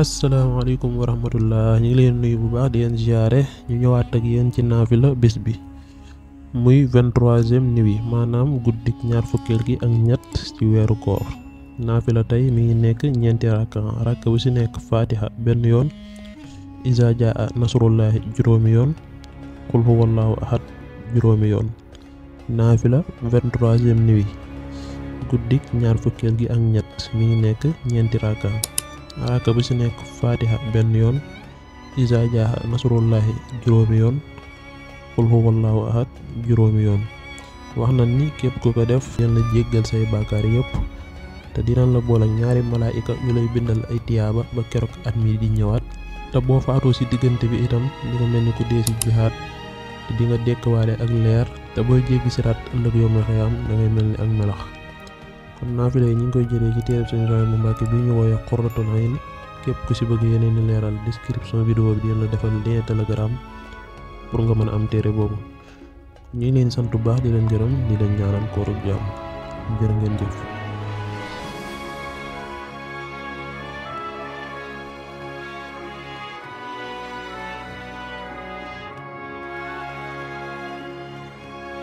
asalaamaaleykum wa rahmatullah ñu ngi leen nuyu bu baax di leen ziare ñu ñëwaat ak yéen ci la bis bi muy vingt-troisième nuit yi maanaam guddik ñaar fukkeel gi ak ñett ci weeru koor la tey mi ngi nekk ñeenti rakka bu ci nekk fatiha benn yoon iza jaa nasrullahi juróomi yoon qul huwallahu ahad juróomi yoon naafila vingt-troisième nuit yi guddik ñaar fukkeel gi ak ñett mi ngi nekk ñeenti rakka malaaka bu ci nekk faatiha benn yoon izaa jaa nasrullaahi juróomi yoon qul huwallaahu ahad juróomi yoon wax na ni képp ku ko def yenn la say baakaar yépp te dina la boole ñaari malaayika ñu lay bindal ay tiyaaba ba keroog at mi di ñëwaat te boo faatoo ci diggante bi itam di nga mel ni ku dee ci jihaat te di nga dékkawaale ak leer te booy jéggi siraat ëllëg yowmal xiyaam da ngay mel ni ak melax kon naafila yi ñu ngi koy jëlee ci téereb Sëriñ Saaliw Mbàkke bi ñu wooye Qurratul Ayn képp ku si bëgg yeneen i leeral description vidéo bi dina la defal lien telegram pour nga mën a am téere boobu ñu ngi leen sant bu baax di leen gërëm di leen ñaanal kooru jàmm jërë ngeen jëf